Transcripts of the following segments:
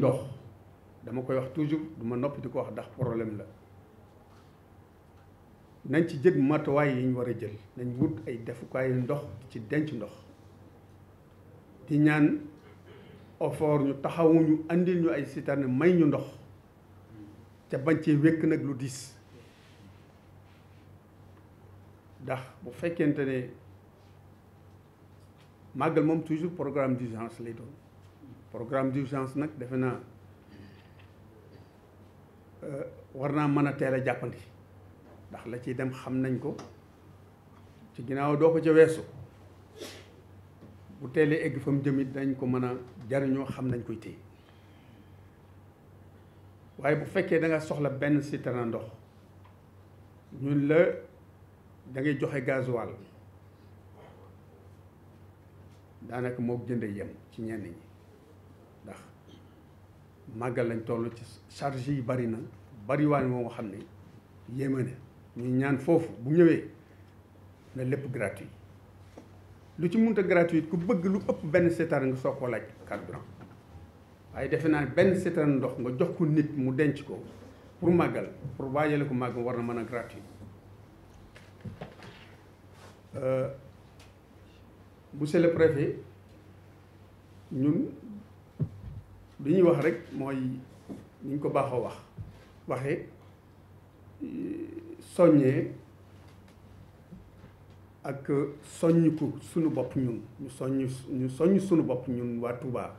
ndox dama koy wax toujours du ma noppi di ko wax ndax problème la nañ ci jëg matuwaay yi ñu war a jël nañ wut ay defukaayu ndox ci denc ndox di ñaan ofoor ñu taxawuñu indi ñu ay citerne may ñu ndox ca bañ cee wékk nag lu diis ndax bu fekkente ne màggal moom toujours programme d'urgence lay doon programme d'urgence nag defe naa euh, war naa mën a teel a jàppandi ndax la ciy dem xam nañ ko ci ginnaaw doo ko ca weesu bu teelee egg fa mu jëmit dañ ko mën a jariñoo xam nañ koy téye waaye bu fekkee da nga soxla benn citerne ndox ñu la da ngay joxe gasoil daanaka moo jënd yem ci ñenn ñi. ndax màggal lañ toll ci charge yu bari na bariwaan moo xam ne yéema ne ñu ñaan foofu bu ñëwee na lépp gratuit lu ci munta gratuit ku bëgg lu ëpp benn seetaan nga soog ko laaj carburant waaye defe naa benn seetaan ndox nga jox ko nit mu denc ko pour màggal pour waajale ko màggal war na mën a gratuit bu euh, le préfet ñun li ñuy wax rek mooy ni ñu ko baaxoo wax waxe e, soññee ak soññiku sunu bopp ñun ñu soññ ñu soññ sunu bopp ñun waa Touba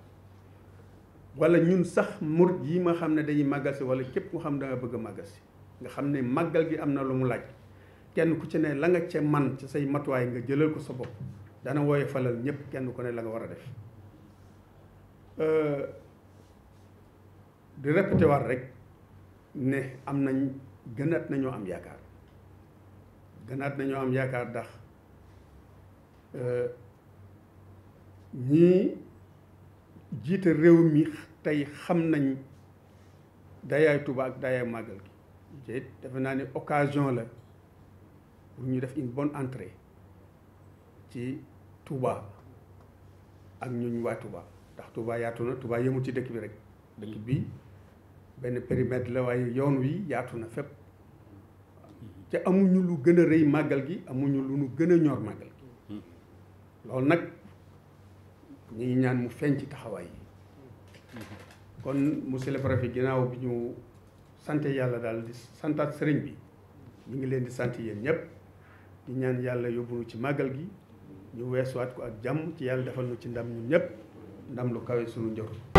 wala ñun sax mur yi ma xam ne dañuy màggal si wala képp ku xam da nga bëgg a màggal si nga xam ne màggal gi am na lu mu laaj kenn ku ci ne la nga ca man ci say matuwaay nga jëlal ko sa bopp dana wooye falal ñëpp kenn ku ne la nga war a def euh, li répété waat rek ne am nañ gënaat nañoo am yaakaar gënaat nañoo am yaakaar ndax euh, ñii jiite réew mi tey xam nañ dayaay Tuuba ak dayaay màggal gi te defe naa ni occasion la pour ñu def une bonne entrée ci Touba ak ñuñ waa Touba ndax Touba yaatu na Touba yëmul ci dëkk bi rek dëkk bi benn périmètre la waaye yoon wi yaatu na fépp te amuñu lu gën a rëy màggal gi amuñu lu nu gën a ñor màggal gi loolu nag ñu ngi ñaan mu feeñ ci taxawaay yi kon monsieur le préfet ginnaaw bi ñu sante yàlla daal di santaat sëriñ bi ñu ngi leen di sant yéen ñëpp di ñaan yàlla yóbbu nu ci màggal gi ñu weesuwaat ko ak jàmm ci yàlla defal nu ci ndam ñun ñëpp ndam lu kawe suñu njort